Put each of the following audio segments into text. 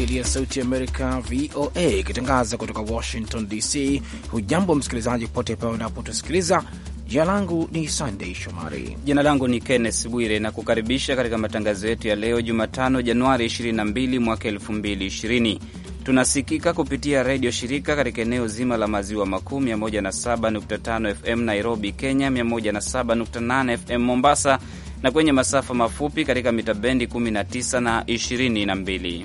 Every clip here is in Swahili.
Kiswahili ya Sauti Amerika, VOA, ikitangaza kutoka Washington DC. Hujambo msikilizaji popote pale unapotusikiliza. Jina langu ni Sunday Shomari. Jina langu ni Kenneth Bwire na kukaribisha katika matangazo yetu ya leo Jumatano, Januari 22 mwaka 2020. Tunasikika kupitia redio shirika katika eneo zima la maziwa makuu, 107.5 FM Nairobi, Kenya, 107.8 FM Mombasa, na kwenye masafa mafupi katika mita bendi 19 na 22.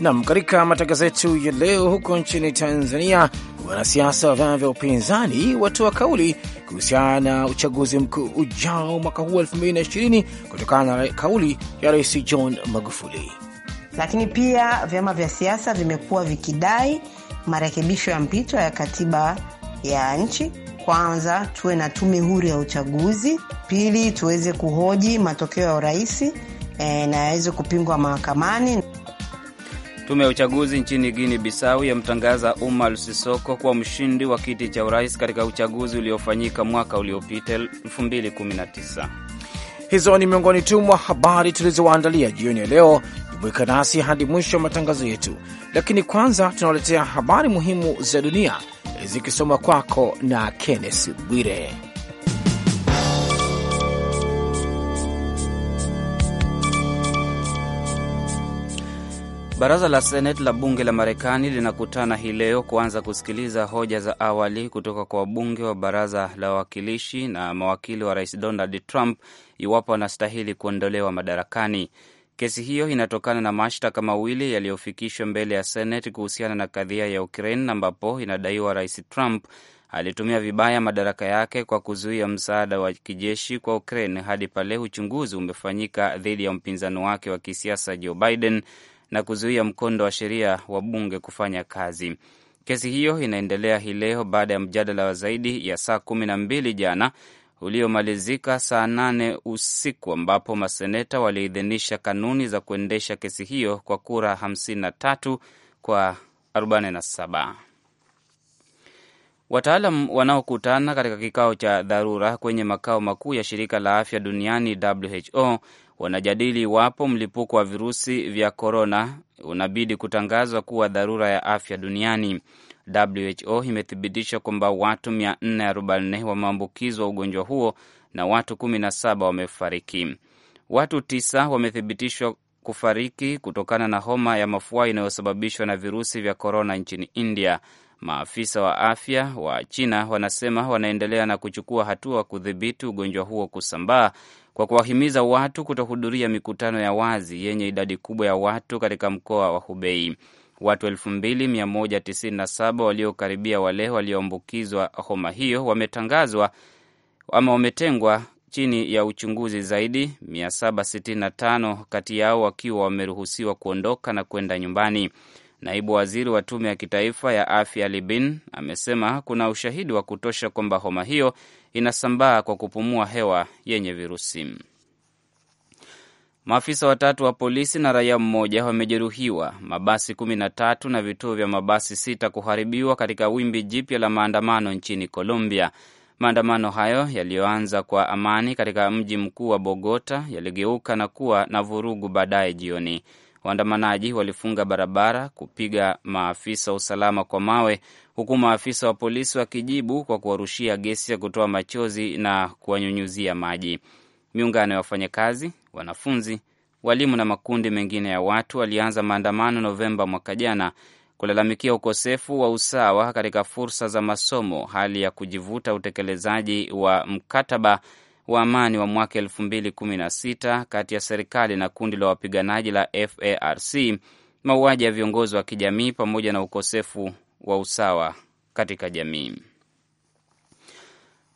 Nam, katika matangazo yetu ya leo, huko nchini Tanzania, wanasiasa wa vyama vya upinzani watoa kauli kuhusiana na uchaguzi mkuu ujao mwaka huu 220 kutokana na kauli ya Rais John Magufuli. Lakini pia vyama vya siasa vimekuwa vikidai marekebisho ya mpito ya katiba ya nchi. Kwanza tuwe na tume huru ya uchaguzi, pili tuweze kuhoji matokeo ya urais e, eh, na yaweze kupingwa mahakamani. Tume ya uchaguzi nchini Guinea Bissau yamtangaza Umar Sisoko kuwa mshindi wa kiti cha urais katika uchaguzi uliofanyika mwaka uliopita 2019. Hizo ni miongoni tu mwa habari tulizowaandalia jioni ya leo. Jumuika nasi hadi mwisho wa matangazo yetu, lakini kwanza tunawaletea habari muhimu za dunia zikisoma kwako na Kenneth Bwire. Baraza la Seneti la bunge la Marekani linakutana hii leo kuanza kusikiliza hoja za awali kutoka kwa wabunge wa baraza la wawakilishi na mawakili wa rais Donald Trump iwapo wanastahili kuondolewa madarakani. Kesi hiyo inatokana na mashtaka mawili yaliyofikishwa mbele ya Seneti kuhusiana na kadhia ya Ukraine ambapo inadaiwa rais Trump alitumia vibaya madaraka yake kwa kuzuia msaada wa kijeshi kwa Ukraine hadi pale uchunguzi umefanyika dhidi ya mpinzani wake wa kisiasa Joe Biden na kuzuia mkondo wa sheria wa bunge kufanya kazi. Kesi hiyo inaendelea hii leo baada ya mjadala wa zaidi ya saa kumi na mbili jana uliomalizika saa nane usiku ambapo maseneta waliidhinisha kanuni za kuendesha kesi hiyo kwa kura 53 kwa 47. Wataalam wanaokutana katika kikao cha dharura kwenye makao makuu ya shirika la afya duniani WHO wanajadili iwapo mlipuko wa virusi vya korona unabidi kutangazwa kuwa dharura ya afya duniani. WHO imethibitisha kwamba watu 44 wameambukizwa ugonjwa huo na watu 17 wamefariki. Watu tisa wamethibitishwa kufariki kutokana na homa ya mafua inayosababishwa na virusi vya korona nchini India. Maafisa wa afya wa China wanasema wanaendelea na kuchukua hatua kudhibiti ugonjwa huo kusambaa kwa kuwahimiza watu kutohudhuria mikutano ya wazi yenye idadi kubwa ya watu katika mkoa wa Hubei. Watu 2197 waliokaribia wale walioambukizwa homa hiyo wametangazwa ama wametengwa chini ya uchunguzi zaidi, 765 kati yao wakiwa wameruhusiwa kuondoka na kwenda nyumbani. Naibu waziri wa tume ya kitaifa ya afya Libin amesema kuna ushahidi wa kutosha kwamba homa hiyo inasambaa kwa kupumua hewa yenye virusi. Maafisa watatu wa polisi na raia mmoja wamejeruhiwa, mabasi kumi na tatu na vituo vya mabasi sita kuharibiwa katika wimbi jipya la maandamano nchini Colombia. Maandamano hayo yaliyoanza kwa amani katika mji mkuu wa Bogota yaligeuka na kuwa na vurugu baadaye jioni. Waandamanaji walifunga barabara, kupiga maafisa usalama kwa mawe, huku maafisa wa polisi wakijibu kwa kuwarushia gesi ya kutoa machozi na kuwanyunyuzia maji. Miungano ya wafanyakazi, wanafunzi, walimu na makundi mengine ya watu walianza maandamano Novemba mwaka jana kulalamikia ukosefu wa usawa katika fursa za masomo, hali ya kujivuta utekelezaji wa mkataba wa amani wa mwaka 2016 kati ya serikali na kundi la wapiganaji la FARC, mauaji ya viongozi wa kijamii pamoja na ukosefu wa usawa katika jamii.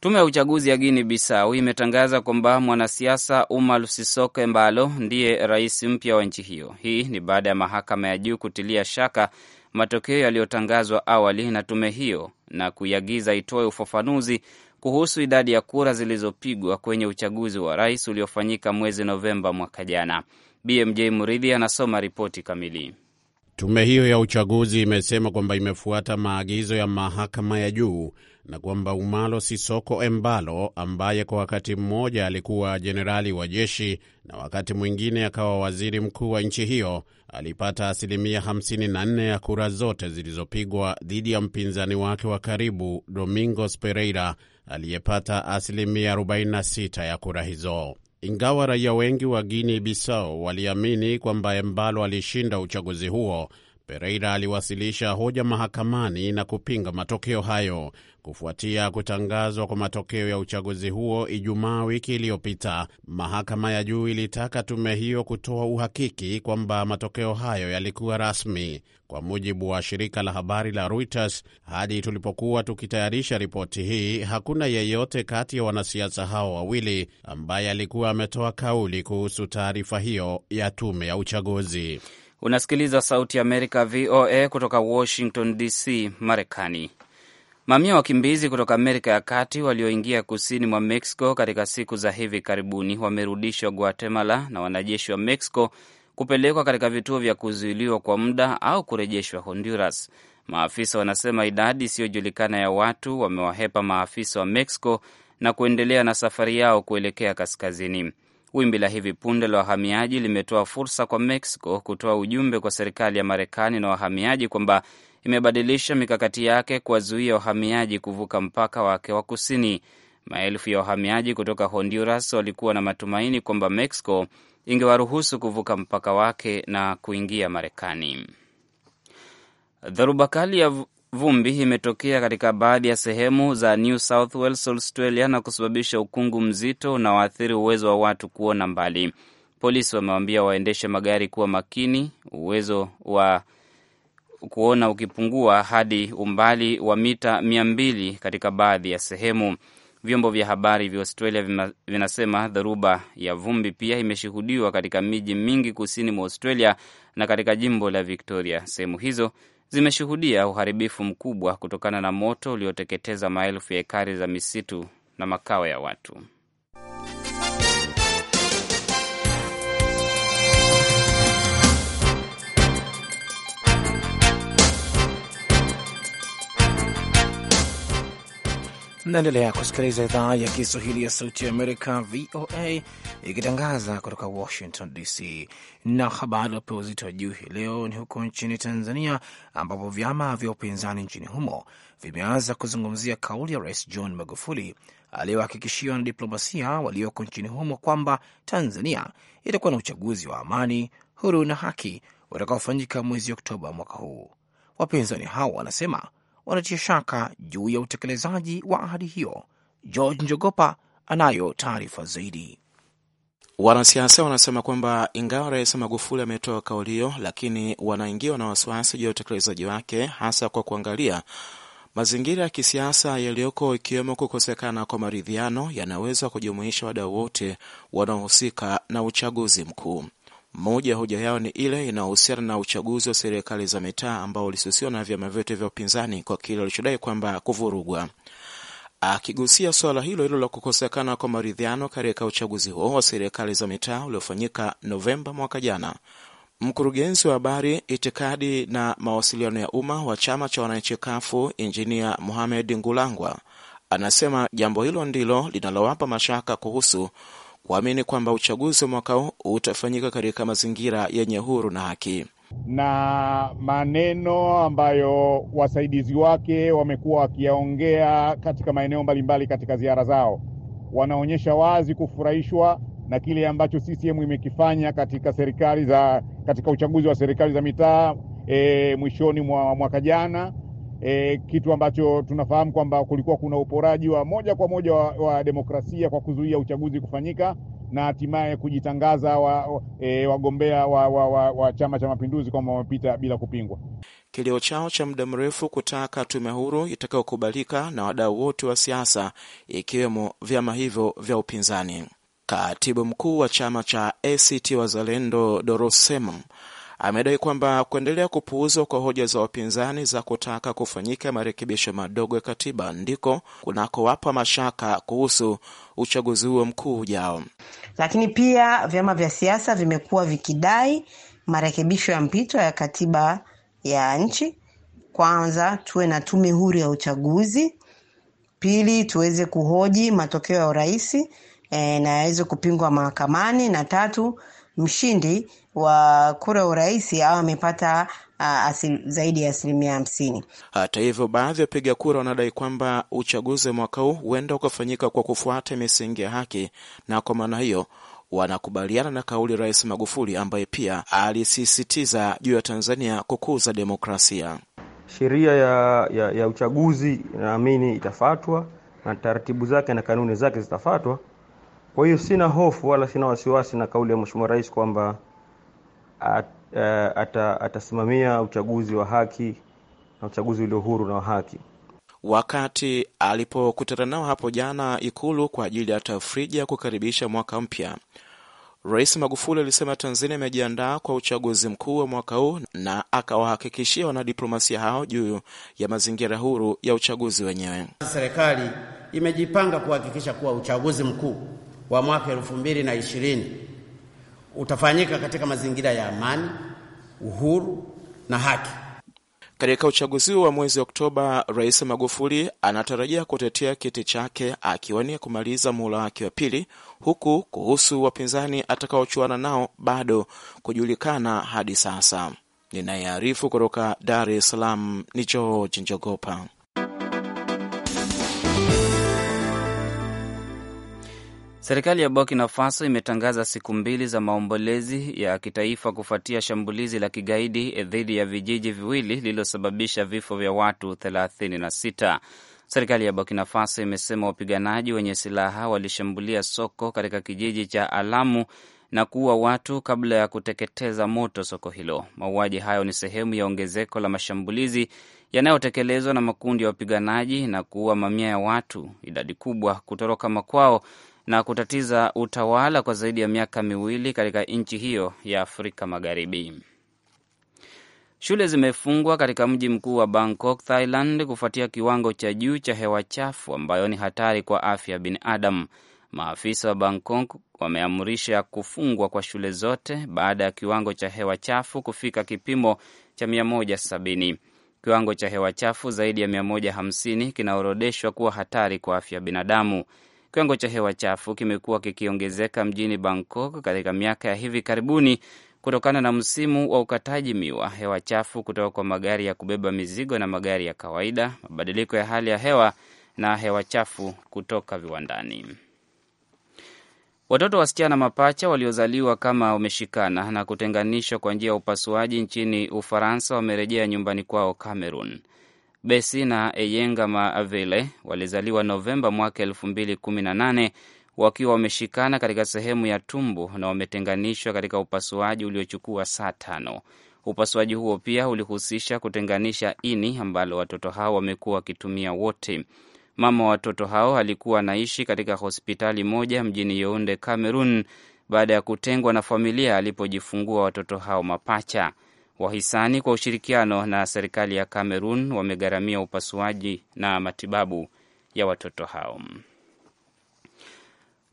Tume ya uchaguzi ya Guinea Bissau imetangaza kwamba mwanasiasa Umar Sissoco Embalo ndiye rais mpya wa nchi hiyo. Hii ni baada ya mahakama ya juu kutilia shaka matokeo yaliyotangazwa awali na tume hiyo na kuiagiza itoe ufafanuzi kuhusu idadi ya kura zilizopigwa kwenye uchaguzi wa rais uliofanyika mwezi Novemba mwaka jana. BMJ Muridhi anasoma ripoti kamili. Tume hiyo ya uchaguzi imesema kwamba imefuata maagizo ya mahakama ya juu na kwamba Umalo Sisoko Embalo, ambaye kwa wakati mmoja alikuwa jenerali wa jeshi na wakati mwingine akawa waziri mkuu wa nchi hiyo, alipata asilimia 54 ya kura zote zilizopigwa dhidi ya mpinzani wake wa karibu Domingos Pereira aliyepata asilimia 46 ya kura hizo. Ingawa raia wengi wa Guinea Bissau waliamini kwamba Embalo alishinda uchaguzi huo, Pereira aliwasilisha hoja mahakamani na kupinga matokeo hayo kufuatia kutangazwa kwa matokeo ya uchaguzi huo Ijumaa wiki iliyopita. Mahakama ya juu ilitaka tume hiyo kutoa uhakiki kwamba matokeo hayo yalikuwa rasmi. Kwa mujibu wa shirika la habari la Reuters, hadi tulipokuwa tukitayarisha ripoti hii, hakuna yeyote kati ya wanasiasa hao wawili ambaye alikuwa ametoa kauli kuhusu taarifa hiyo ya tume ya uchaguzi. Unasikiliza Sauti ya Amerika, VOA, kutoka Washington DC, Marekani. Mamia wakimbizi kutoka Amerika ya Kati walioingia kusini mwa Mexico katika siku za hivi karibuni wamerudishwa Guatemala na wanajeshi wa Mexico kupelekwa katika vituo vya kuzuiliwa kwa muda au kurejeshwa Honduras. Maafisa wanasema idadi isiyojulikana ya watu wamewahepa maafisa wa Mexico na kuendelea na safari yao kuelekea kaskazini. Wimbi la hivi punde la wahamiaji limetoa fursa kwa Mexico kutoa ujumbe kwa serikali ya Marekani na wahamiaji kwamba imebadilisha mikakati yake kuwazuia wahamiaji kuvuka mpaka wake wa kusini. Maelfu ya wahamiaji kutoka Honduras walikuwa na matumaini kwamba Mexico ingewaruhusu kuvuka mpaka wake na kuingia Marekani. Dharuba kali ya vumbi imetokea katika baadhi ya sehemu za New South Wales, Australia, na kusababisha ukungu mzito unaoathiri uwezo wa watu kuona mbali. Polisi wamewaambia waendeshe magari kuwa makini, uwezo wa kuona ukipungua hadi umbali wa mita mia mbili katika baadhi ya sehemu. Vyombo vya habari vya Australia vinasema dhoruba ya vumbi pia imeshuhudiwa katika miji mingi kusini mwa Australia na katika jimbo la Victoria. Sehemu hizo zimeshuhudia uharibifu mkubwa kutokana na moto ulioteketeza maelfu ya ekari za misitu na makao ya watu. Mnaendelea kusikiliza idhaa ya Kiswahili ya Sauti ya Amerika, VOA, ikitangaza kutoka Washington DC. Na habari iliyopewa uzito wa juu hii leo ni huko nchini Tanzania, ambapo vyama vya upinzani nchini humo vimeanza kuzungumzia kauli ya Rais John Magufuli na diplomasia walioko nchini humo kwamba Tanzania itakuwa na uchaguzi wa amani, huru na haki utakaofanyika mwezi Oktoba mwaka huu. Wapinzani hao wanasema wanatia shaka juu ya utekelezaji wa ahadi hiyo. George Njogopa anayo taarifa zaidi. Wanasiasa wanasema kwamba ingawa Rais Magufuli ametoa kauli hiyo, lakini wanaingiwa na wasiwasi juu ya utekelezaji wake, hasa kwa kuangalia mazingira ya kisiasa yaliyoko, ikiwemo kukosekana kwa maridhiano yanaweza kujumuisha wadau wote wanaohusika na uchaguzi mkuu. Moja ya hoja yao ni ile inayohusiana na uchaguzi wa serikali za mitaa ambao ulisusiwa na vyama vyote vya upinzani kwa kile walichodai kwamba kuvurugwa. Akigusia suala hilo hilo la kukosekana kwa maridhiano katika uchaguzi huo wa serikali za mitaa uliofanyika Novemba mwaka jana, mkurugenzi wa habari, itikadi na mawasiliano ya umma wa chama cha wananchi Kafu, Injinia Mohamed Ngulangwa, anasema jambo hilo ndilo linalowapa mashaka kuhusu kuamini kwamba uchaguzi wa mwaka huu utafanyika katika mazingira yenye huru na haki na maneno ambayo wasaidizi wake wamekuwa wakiyaongea katika maeneo mbalimbali katika ziara zao, wanaonyesha wazi kufurahishwa na kile ambacho CCM imekifanya katika serikali za katika uchaguzi wa serikali za mitaa e, mwishoni mwa mwaka jana e, kitu ambacho tunafahamu kwamba kulikuwa kuna uporaji wa moja kwa moja wa, wa demokrasia kwa kuzuia uchaguzi kufanyika na hatimaye kujitangaza wa, e, wagombea wa, wa, wa, wa Chama cha Mapinduzi kwamba wamepita bila kupingwa. Kilio chao cha muda mrefu kutaka tume huru itakayokubalika na wadau wote wa siasa ikiwemo vyama hivyo vya upinzani. Katibu mkuu wa chama cha ACT Wazalendo Dorosema amedai kwamba kuendelea kupuuzwa kwa hoja za wapinzani za kutaka kufanyika marekebisho madogo ya katiba ndiko kunakowapa mashaka kuhusu uchaguzi huo mkuu ujao. Lakini pia vyama vya siasa vimekuwa vikidai marekebisho ya mpito ya katiba ya nchi. Kwanza, tuwe na tume huru ya uchaguzi. Pili, tuweze kuhoji matokeo ya urais e, eh, na yaweze kupingwa mahakamani. Na tatu, mshindi wa kura urais au amepata uh, zaidi ya asilimia hamsini. Hata hivyo, baadhi ya wapiga kura wanadai kwamba uchaguzi mwaka huu huenda ukafanyika kwa kufuata misingi ya haki, na kwa maana hiyo wanakubaliana na kauli Rais Magufuli ambaye pia alisisitiza juu ya Tanzania kukuza demokrasia. Sheria ya, ya, ya uchaguzi naamini itafatwa na taratibu zake na kanuni zake zitafatwa. Kwa hiyo sina hofu wala sina wasiwasi na kauli ya Mheshimiwa Rais kwamba at, uh, atasimamia uchaguzi wa haki na uchaguzi ulio huru na wa haki. Wakati alipokutana nao hapo jana Ikulu kwa ajili ya tafrija kukaribisha mwaka mpya, Rais Magufuli alisema Tanzania imejiandaa kwa uchaguzi mkuu wa mwaka huu na akawahakikishia wanadiplomasia hao juu ya mazingira huru ya uchaguzi wenyewe. Serikali imejipanga kuhakikisha kuwa uchaguzi mkuu wa mwaka elfu mbili na ishirini utafanyika katika mazingira ya amani, uhuru na haki. Katika uchaguzi wa mwezi Oktoba, Rais Magufuli anatarajia kutetea kiti chake akiwania kumaliza muhula wake wa pili, huku kuhusu wapinzani atakaochuana nao bado kujulikana hadi sasa. Ninayearifu kutoka Dar es Salaam ni George Njogopa. Serikali ya Burkina Faso imetangaza siku mbili za maombolezi ya kitaifa kufuatia shambulizi la kigaidi eh, dhidi ya vijiji viwili lililosababisha vifo vya watu 36. Serikali ya Burkina Faso imesema wapiganaji wenye silaha walishambulia soko katika kijiji cha Alamu na kuua watu kabla ya kuteketeza moto soko hilo. Mauaji hayo ni sehemu ya ongezeko la mashambulizi yanayotekelezwa na makundi ya wapiganaji na kuua mamia ya watu, idadi kubwa kutoroka makwao na kutatiza utawala kwa zaidi ya miaka miwili katika nchi hiyo ya Afrika Magharibi. Shule zimefungwa katika mji mkuu wa Bangkok, Thailand, kufuatia kiwango cha juu cha hewa chafu ambayo ni hatari kwa afya ya binadamu. Maafisa wa Bangkok wameamrisha kufungwa kwa shule zote baada ya kiwango cha hewa chafu kufika kipimo cha 170. Kiwango cha hewa chafu zaidi ya 150 kinaorodeshwa kuwa hatari kwa afya ya binadamu. Kiwango cha hewa chafu kimekuwa kikiongezeka mjini Bangkok katika miaka ya hivi karibuni kutokana na msimu wa ukataji miwa, hewa chafu kutoka kwa magari ya kubeba mizigo na magari ya kawaida, mabadiliko ya hali ya hewa na hewa chafu kutoka viwandani. Watoto wasichana mapacha waliozaliwa kama wameshikana na kutenganishwa kwa njia ya upasuaji nchini Ufaransa wamerejea nyumbani kwao Cameroon. Besi na Eyenga Maavile walizaliwa Novemba mwaka elfu mbili kumi na nane wakiwa wameshikana katika sehemu ya tumbo na wametenganishwa katika upasuaji uliochukua saa tano. Upasuaji huo pia ulihusisha kutenganisha ini ambalo watoto hao wamekuwa wakitumia wote. Mama wa watoto hao alikuwa anaishi katika hospitali moja mjini yeunde Cameroon, baada ya kutengwa na familia alipojifungua watoto hao mapacha. Wahisani kwa ushirikiano na serikali ya Kamerun wamegharamia upasuaji na matibabu ya watoto hao.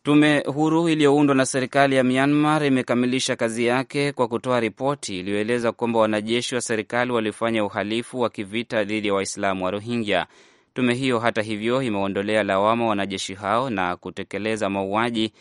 Tume huru iliyoundwa na serikali ya Myanmar imekamilisha kazi yake kwa kutoa ripoti iliyoeleza kwamba wanajeshi wa serikali walifanya uhalifu wa kivita dhidi ya Waislamu wa Rohingya. Tume hiyo hata hivyo imeondolea lawama wanajeshi hao na kutekeleza mauaji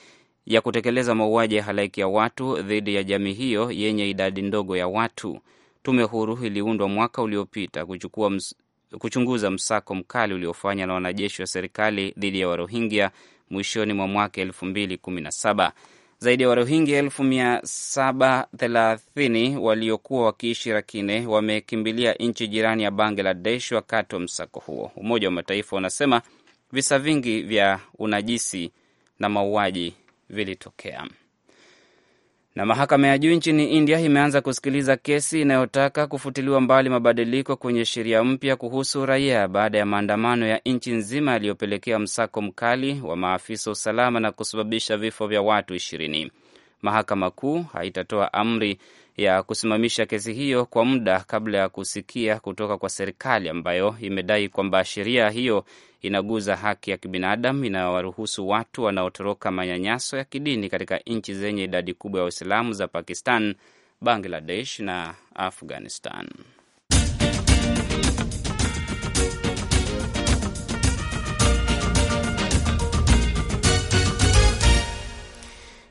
ya kutekeleza mauaji ya halaiki ya watu dhidi ya jamii hiyo yenye idadi ndogo ya watu. Tume huru iliundwa mwaka uliopita kuchukua ms kuchunguza msako mkali uliofanywa na wanajeshi wa serikali dhidi ya Warohingya mwishoni mwa mwaka elfu mbili kumi na saba. Zaidi ya Warohingya elfu mia saba thelathini waliokuwa wakiishi rakine wamekimbilia nchi jirani ya Bangladesh wakati wa msako huo. Umoja wa Mataifa unasema visa vingi vya unajisi na mauaji vilitokea. Na mahakama ya juu nchini India imeanza kusikiliza kesi inayotaka kufutiliwa mbali mabadiliko kwenye sheria mpya kuhusu raia baada ya maandamano ya nchi nzima yaliyopelekea msako mkali wa maafisa usalama na kusababisha vifo vya watu ishirini. Mahakama Kuu haitatoa amri ya kusimamisha kesi hiyo kwa muda kabla ya kusikia kutoka kwa serikali ambayo imedai kwamba sheria hiyo inaguza haki ya kibinadamu inayowaruhusu watu wanaotoroka manyanyaso ya kidini katika nchi zenye idadi kubwa ya Waislamu za Pakistan, Bangladesh na Afghanistan.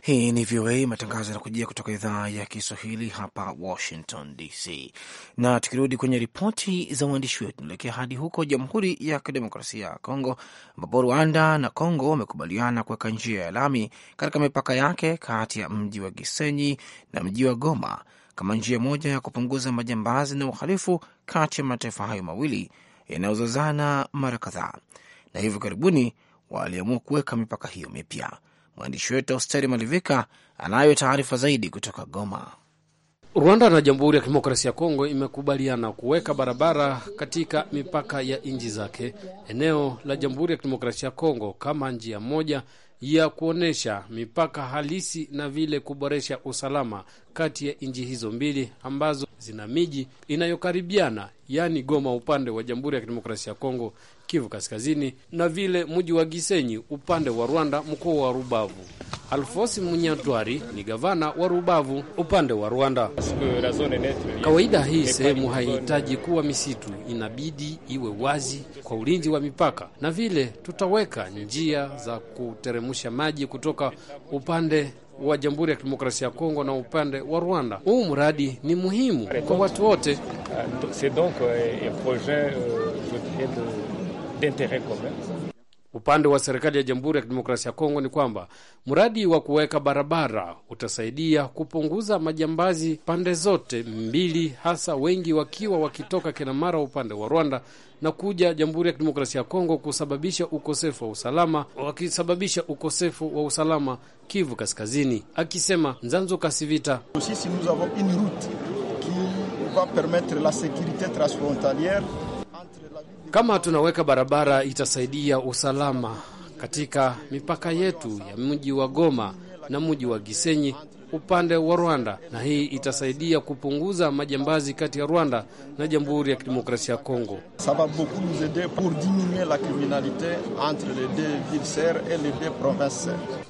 Hii ni VOA, matangazo yanakujia kutoka idhaa ya Kiswahili hapa Washington DC. Na tukirudi kwenye ripoti za waandishi wetu, tunaelekea hadi huko Jamhuri ya Kidemokrasia ya Kongo, ambapo Rwanda na Kongo wamekubaliana kuweka njia ya lami katika mipaka yake kati ya mji wa Gisenyi na mji wa Goma kama njia moja ya kupunguza majambazi na uhalifu kati ya mataifa hayo mawili yanayozozana mara kadhaa, na hivi karibuni waliamua kuweka mipaka hiyo mipya. Mwandishi wetu Austeri Malivika anayo taarifa zaidi kutoka Goma. Rwanda na Jamhuri ya Kidemokrasia ya Kongo imekubaliana kuweka barabara katika mipaka ya nchi zake eneo la Jamhuri ya Kidemokrasia ya Kongo kama njia moja ya kuonyesha mipaka halisi na vile kuboresha usalama kati ya nchi hizo mbili ambazo zina miji inayokaribiana, yaani Goma upande wa Jamhuri ya Kidemokrasia ya Kongo, Kivu Kaskazini, na vile mji wa Gisenyi upande wa Rwanda, mkoa wa Rubavu. Alfosi Munyatwari ni gavana wa Rubavu upande wa Rwanda. Kawaida hii sehemu haihitaji kuwa misitu, inabidi iwe wazi kwa ulinzi wa mipaka, na vile tutaweka njia za kuteremsha maji kutoka upande wa Jamhuri ya Kidemokrasia ya Kongo na upande wa Rwanda. Huu mradi ni muhimu kwa watu wote. Ah, c'est donc euh, un projet euh, d'intérêt commun Upande wa serikali ya Jamhuri ya Kidemokrasia ya Kongo ni kwamba mradi wa kuweka barabara utasaidia kupunguza majambazi pande zote mbili, hasa wengi wakiwa wakitoka Kinamara upande wa Rwanda na kuja Jamhuri ya Kidemokrasia ya Kongo kusababisha ukosefu wa usalama, wakisababisha ukosefu wa usalama Kivu Kaskazini. Akisema nzanzo Kasivita, sisi nous avons une route qui va permettre la kama tunaweka barabara, itasaidia usalama katika mipaka yetu ya mji wa Goma na mji wa Gisenyi upande wa Rwanda, na hii itasaidia kupunguza majambazi kati ya Rwanda na Jamhuri ya Kidemokrasia ya Kongo.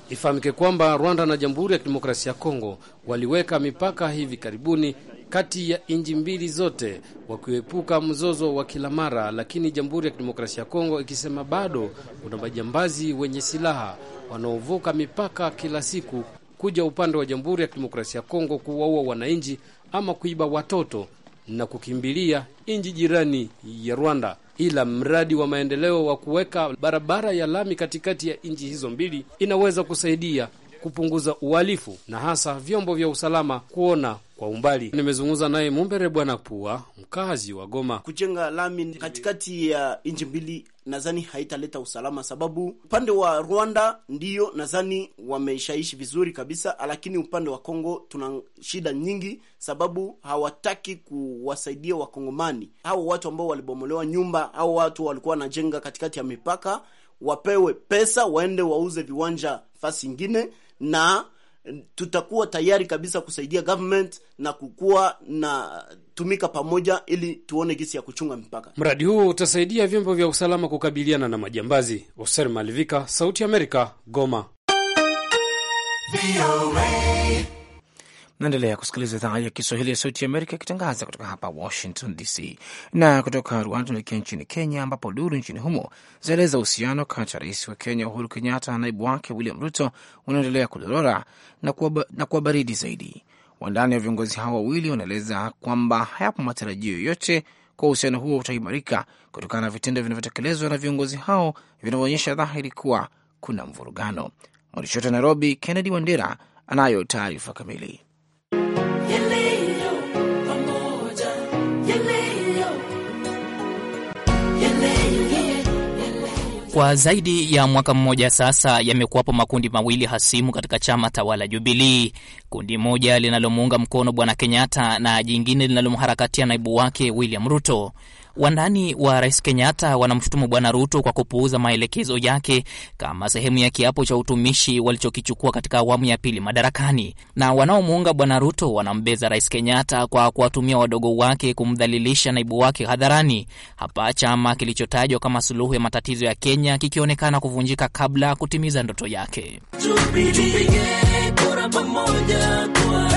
Ifahamike kwamba Rwanda na Jamhuri ya Kidemokrasia ya Kongo waliweka mipaka hivi karibuni kati ya nchi mbili zote kuepuka mzozo wa kila mara, lakini Jamhuri ya Kidemokrasia ya Kongo ikisema bado kuna majambazi wenye silaha wanaovuka mipaka kila siku kuja upande wa Jamhuri ya Kidemokrasia ya Kongo kuwaua wananchi ama kuiba watoto na kukimbilia nchi jirani ya Rwanda. Ila mradi wa maendeleo wa kuweka barabara ya lami katikati ya nchi hizo mbili inaweza kusaidia kupunguza uhalifu na hasa vyombo vya usalama kuona kwa umbali. Nimezungumza naye Mumbere Bwana Pua, mkazi wa Goma. Kujenga lami katikati ya nchi mbili nadhani haitaleta usalama, sababu upande wa Rwanda ndiyo nadhani wameshaishi vizuri kabisa, lakini upande wa Kongo tuna shida nyingi, sababu hawataki kuwasaidia Wakongomani au watu ambao walibomolewa nyumba, au watu walikuwa wanajenga katikati ya mipaka, wapewe pesa waende wauze viwanja fasi ingine na tutakuwa tayari kabisa kusaidia government na kukuwa na tumika pamoja ili tuone gisi ya kuchunga mpaka. Mradi huu utasaidia vyombo vya usalama kukabiliana na majambazi. Oser Malivika, Sauti ya Amerika, Goma. Naendelea kusikiliza idhaa ya Kiswahili ya Sauti ya Amerika ikitangaza kutoka hapa Washington DC. Na kutoka Rwanda tunaelekea nchini Kenya, ambapo duru nchini humo zaeleza uhusiano kati ya rais wa Kenya Uhuru Kenyatta na naibu wake William Ruto unaendelea kudorora na kuwa, na kuwa baridi zaidi. Wandani wa viongozi hao wawili wanaeleza kwamba hayapo matarajio yoyote kwa uhusiano huo utaimarika kutokana na vitendo vinavyotekelezwa na viongozi hao vinavyoonyesha dhahiri kuwa kuna mvurugano. Mwandishi wetu wa Nairobi, Kennedy Wandera, anayo taarifa kamili. Kwa zaidi ya mwaka mmoja sasa, yamekuwapo makundi mawili hasimu katika chama tawala Jubilii, kundi moja linalomuunga mkono Bwana Kenyatta na jingine linalomharakatia naibu wake William Ruto. Wandani wa rais Kenyatta wanamshutumu bwana Ruto kwa kupuuza maelekezo yake kama sehemu ya kiapo cha utumishi walichokichukua katika awamu ya pili madarakani, na wanaomuunga bwana Ruto wanambeza rais Kenyatta kwa kuwatumia wadogo wake kumdhalilisha naibu wake hadharani, hapa chama kilichotajwa kama suluhu ya matatizo ya Kenya kikionekana kuvunjika kabla kutimiza ndoto yake. Tupige kura pamoja kwa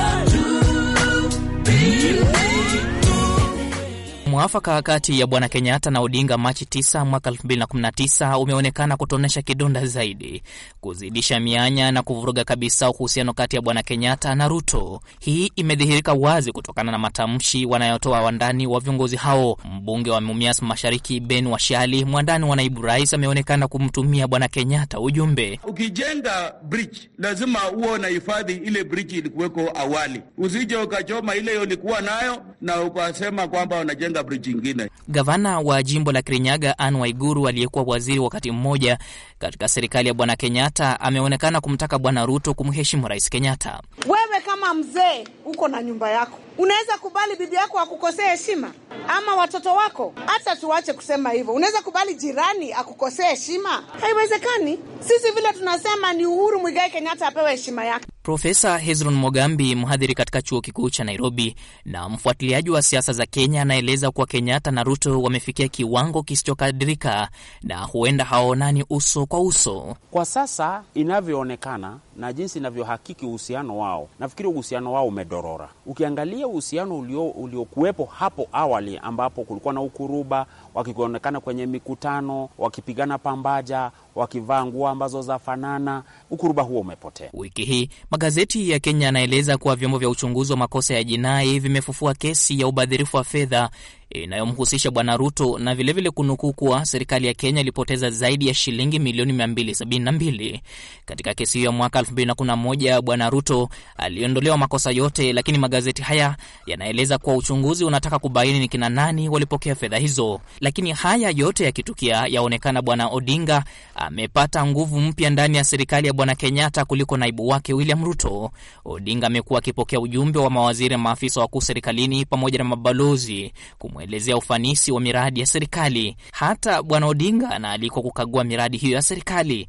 Mwafaka kati ya Bwana Kenyatta na Odinga Machi 9 mwaka 2019 umeonekana kutonesha kidonda zaidi, kuzidisha mianya na kuvuruga kabisa uhusiano kati ya Bwana Kenyatta na Ruto. Hii imedhihirika wazi kutokana na matamshi wanayotoa wandani wa viongozi hao. Mbunge wa Mumias Mashariki Ben Washali, mwandani wa naibu rais, ameonekana kumtumia Bwana Kenyatta ujumbe: ukijenga bridge lazima na unahifadhi ile bridge ilikuweko awali, usije ukachoma ile ulikuwa nayo na ukasema kwamba unajenga hakuna bridge ingine. Gavana wa jimbo la Kirinyaga Anne Waiguru, aliyekuwa waziri wakati mmoja katika serikali ya bwana Kenyatta, ameonekana kumtaka bwana Ruto kumheshimu rais Kenyatta. Wewe kama mzee uko na nyumba yako Unaweza kubali bibi yako akukosee heshima ama watoto wako? Hata tuache kusema hivyo, unaweza kubali jirani akukosee heshima? Haiwezekani. Sisi vile tunasema ni Uhuru Mwigai Kenyatta apewe heshima yake. Profesa Hezron Mogambi, mhadhiri katika chuo kikuu cha Nairobi na mfuatiliaji wa siasa za Kenya, anaeleza kuwa Kenyatta na Ruto wamefikia kiwango kisichokadirika na huenda hawaonani uso kwa uso kwa sasa inavyoonekana na jinsi inavyohakiki uhusiano wao, nafikiri uhusiano wao umedorora. Ukiangalia uhusiano uliokuwepo ulio hapo awali, ambapo kulikuwa na ukuruba, wakionekana kwenye mikutano, wakipigana pambaja, wakivaa nguo ambazo zafanana, ukuruba huo umepotea. Wiki hii magazeti ya Kenya yanaeleza kuwa vyombo vya uchunguzi wa makosa ya jinai vimefufua kesi ya ubadhirifu wa fedha Eh, inayomhusisha Bwana Ruto na vilevile kunukuu kuwa serikali ya Kenya ilipoteza zaidi ya shilingi milioni 272 katika kesi hiyo ya mwaka 2011. Bwana Ruto aliondolewa makosa yote, lakini magazeti haya yanaeleza kuwa uchunguzi unataka kubaini ni kina nani walipokea fedha hizo. Lakini haya yote yakitukia, yaonekana Bwana Odinga amepata nguvu mpya ndani ya serikali ya Bwana Kenyatta kuliko naibu wake William Ruto. Odinga amekuwa akipokea ujumbe wa mawaziri, maafisa wakuu serikalini pamoja na mabalozi kumwelezea ufanisi wa miradi ya serikali. Hata Bwana Odinga anaalikwa kukagua miradi hiyo ya serikali.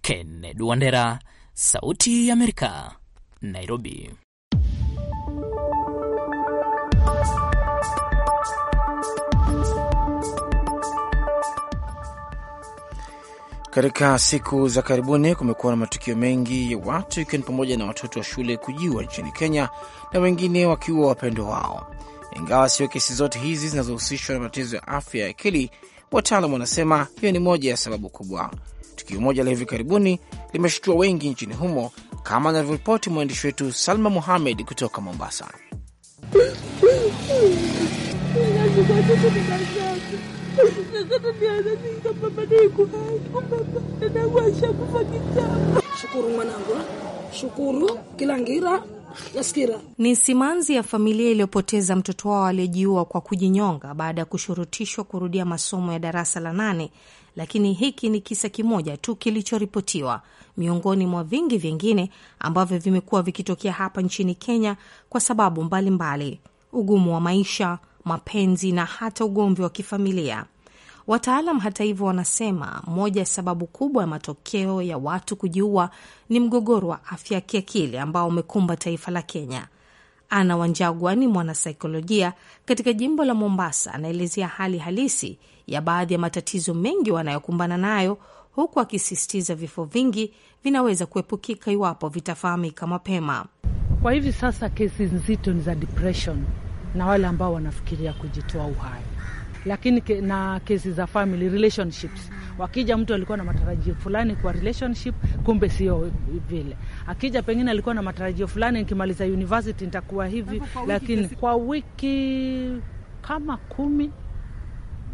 Kennedy Wandera, Sauti ya Amerika, Nairobi. Katika siku za karibuni kumekuwa na matukio mengi ya watu ikiwa ni pamoja na watoto wa shule kujiwa nchini Kenya na wengine wakiua wapendwa wao. Ingawa sio kesi zote hizi zinazohusishwa na matatizo ya afya ya akili, wataalam wanasema hiyo ni moja ya sababu kubwa. Tukio moja la hivi karibuni limeshutua wengi nchini humo, kama anavyoripoti mwandishi wetu Salma Muhamed kutoka Mombasa. Shukuru mwanangu, shukuru kila ngira Yaskira. Ni simanzi ya familia iliyopoteza mtoto wao aliyejiua kwa kujinyonga baada ya kushurutishwa kurudia masomo ya darasa la nane, lakini hiki ni kisa kimoja tu kilichoripotiwa miongoni mwa vingi vingine ambavyo vimekuwa vikitokea hapa nchini Kenya kwa sababu mbalimbali mbali: ugumu wa maisha, mapenzi na hata ugomvi wa kifamilia. Wataalam hata hivyo wanasema moja ya sababu kubwa ya matokeo ya watu kujiua ni mgogoro wa afya ya kiakili ambao umekumba taifa la Kenya. Ana Wanjagwa ni mwanasaikolojia katika jimbo la Mombasa, anaelezea hali halisi ya baadhi ya matatizo mengi wanayokumbana nayo, huku akisisitiza vifo vingi vinaweza kuepukika iwapo vitafahamika mapema. Kwa hivi sasa kesi nzito ni za depression na wale ambao wanafikiria kujitoa uhai lakini ke, na kesi za family relationships. Wakija mtu alikuwa na matarajio fulani kwa relationship, kumbe sio vile. Akija pengine alikuwa na matarajio fulani, nikimaliza university nitakuwa hivi kwa lakini wiki, kwa wiki kama kumi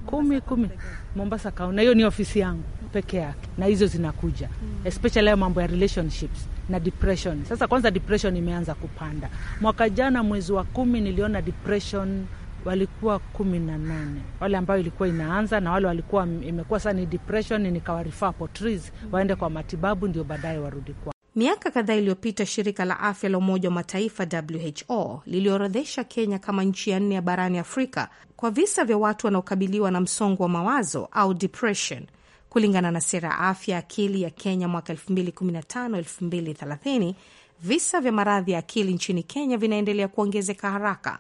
kumi kumi Mombasa kaunti, na hiyo ni ofisi yangu peke yake, na hizo zinakuja hmm, especially mambo ya relationships na depression. Sasa kwanza depression imeanza kupanda mwaka jana mwezi wa kumi, niliona depression walikuwa kumi na nane wale ambayo ilikuwa inaanza na wale walikuwa imekuwa sana ni depression, nikawarifaa Potris waende kwa matibabu, ndio baadaye warudi kwa Miaka kadhaa iliyopita shirika la afya la Umoja wa Mataifa WHO liliorodhesha Kenya kama nchi ya nne ya barani Afrika kwa visa vya watu wanaokabiliwa na msongo wa mawazo au depression. Kulingana na sera ya afya ya akili ya Kenya mwaka 2015-2030, visa vya maradhi ya akili nchini Kenya vinaendelea kuongezeka haraka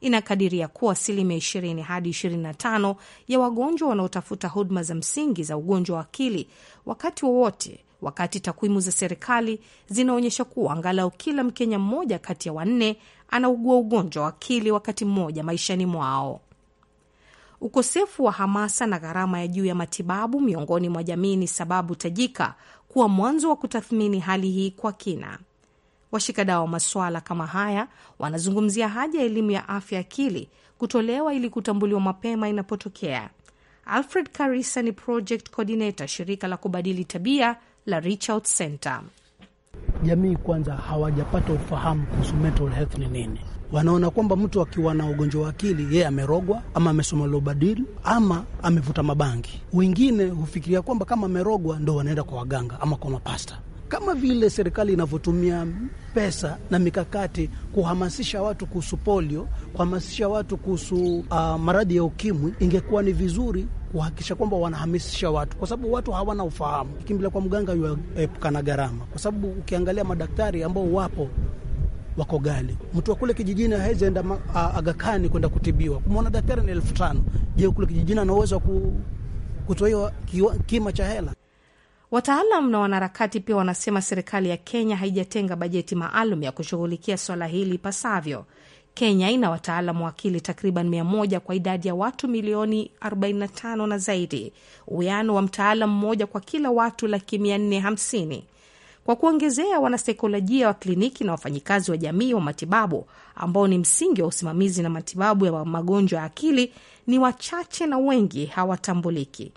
inakadiria kuwa asilimia 20 hadi 25 ya wagonjwa wanaotafuta huduma za msingi za ugonjwa wa akili wakati wowote wa wakati takwimu za serikali zinaonyesha kuwa angalau kila Mkenya mmoja kati ya wanne anaugua ugonjwa wa akili wakati mmoja maishani mwao. Ukosefu wa hamasa na gharama ya juu ya matibabu miongoni mwa jamii ni sababu tajika kuwa mwanzo wa kutathmini hali hii kwa kina. Washikadau wa masuala kama haya wanazungumzia haja ya elimu ya afya akili kutolewa ili kutambuliwa mapema inapotokea. Alfred Karisa ni project coordinator shirika la kubadili tabia la Reach Out Center. Jamii kwanza hawajapata ufahamu kuhusu mental health ni nini. Wanaona kwamba mtu akiwa na ugonjwa wa akili yeye amerogwa ama amesoma lobadili ama amevuta mabangi. Wengine hufikiria kwamba kama amerogwa ndo wanaenda kwa waganga ama kwa mapasta kama vile serikali inavyotumia pesa na mikakati kuhamasisha watu kuhusu polio, kuhamasisha watu kuhusu uh, maradhi ya ukimwi, ingekuwa ni vizuri kuhakikisha kwamba wanahamasisha watu, kwa sababu watu hawana ufahamu. Kimbila kwa mganga na gharama, kwa sababu ukiangalia madaktari ambao wapo wako gali. Mtu wa kule kijijini hawezi enda Agakani kwenda kutibiwa, kumwona daktari ni elfu tano. Je, kule kijijini ana uwezo wa kutoa hiyo kima cha hela? Wataalam na wanaharakati pia wanasema serikali ya Kenya haijatenga bajeti maalum ya kushughulikia swala hili ipasavyo. Kenya ina wataalam wa akili takriban 1 kwa idadi ya watu milioni 45 na zaidi, uwiano wa mtaalam mmoja kwa kila watu laki 450 Kwa kuongezea, wanasaikolojia wa kliniki na wafanyikazi wa jamii wa matibabu ambao ni msingi wa usimamizi na matibabu ya magonjwa ya akili ni wachache na wengi hawatambuliki.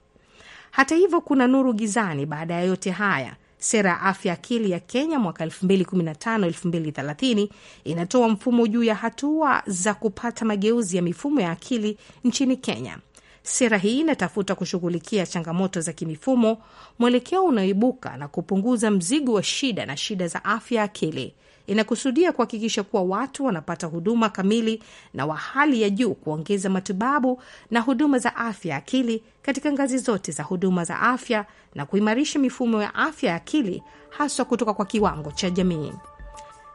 Hata hivyo, kuna nuru gizani baada ya yote haya. Sera ya afya akili ya Kenya mwaka 2015-2030 inatoa mfumo juu ya hatua za kupata mageuzi ya mifumo ya akili nchini Kenya. Sera hii inatafuta kushughulikia changamoto za kimifumo, mwelekeo unaoibuka na kupunguza mzigo wa shida na shida za afya akili inakusudia kuhakikisha kuwa watu wanapata huduma kamili na wa hali ya juu, kuongeza matibabu na huduma za afya ya akili katika ngazi zote za huduma za afya na kuimarisha mifumo ya afya ya akili haswa kutoka kwa kiwango cha jamii.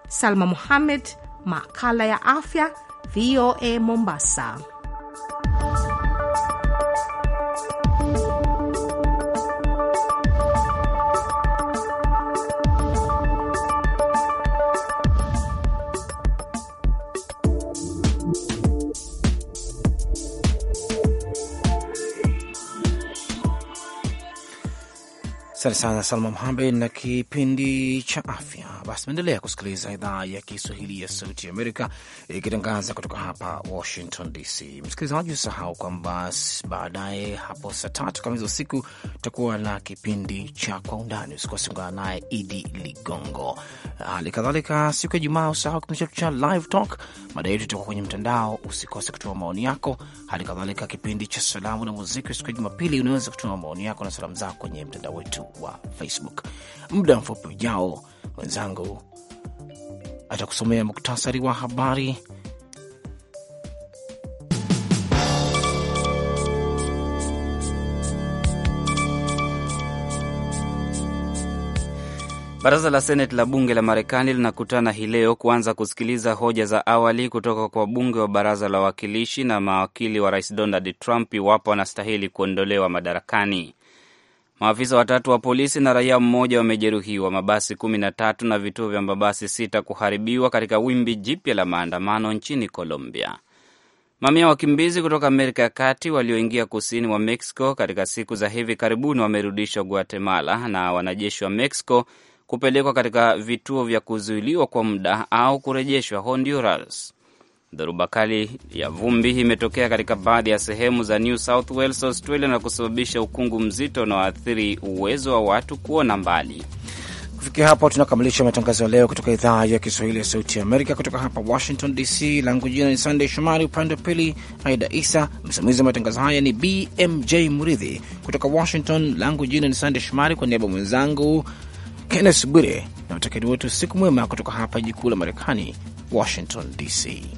Salma muhammed makala ya afya, VOA Mombasa. Asante sana Salma Muhamed na kipindi cha afya. Basi naendelea kusikiliza idhaa ya Kiswahili ya Sauti ya Amerika ikitangaza kutoka hapa Washington DC. Msikilizaji, usahau kwamba baadaye hapo saa tatu kamili za usiku tutakuwa na kipindi cha Kwa Undani. Usikose kuungana naye Idi Ligongo. Hali kadhalika siku ya Jumaa usahau kipindi chetu cha Live Talk, mada yetu itakuwa kwenye mtandao. Usikose kutuma maoni yako. Hali kadhalika kipindi cha salamu na muziki siku ya Jumapili, unaweza kutuma maoni yako na salamu zako kwenye mtandao wetu wa Facebook. Muda mfupi ujao, mwenzangu atakusomea muktasari wa habari. Baraza la Seneti la bunge la Marekani linakutana hii leo kuanza kusikiliza hoja za awali kutoka kwa wabunge wa baraza la wawakilishi na mawakili wa rais Donald Trump iwapo wanastahili kuondolewa madarakani. Maafisa watatu wa polisi na raia mmoja wamejeruhiwa, mabasi kumi na tatu na vituo vya mabasi sita kuharibiwa katika wimbi jipya la maandamano nchini Colombia. Mamia wakimbizi kutoka Amerika ya Kati walioingia kusini mwa Mexico katika siku za hivi karibuni wamerudishwa Guatemala na wanajeshi wa Mexico kupelekwa katika vituo vya kuzuiliwa kwa muda au kurejeshwa Honduras. Dhoruba kali ya vumbi imetokea katika baadhi ya sehemu za New South Wales, Australia, na kusababisha ukungu mzito unaoathiri uwezo wa watu kuona mbali. Kufikia hapo tunakamilisha matangazo ya leo kutoka idhaa ya Kiswahili ya Sauti ya Amerika, kutoka hapa Washington DC. Langu jina ni Sandey Shomari, upande wa pili Aida Isa, msimamizi wa matangazo haya ni BMJ Muridhi kutoka Washington. Langu jina ni Sandey Shomari, kwa niaba mwenzangu Kennes Bwire na watakeni wetu, siku mwema kutoka hapa jikuu la Marekani, Washington DC.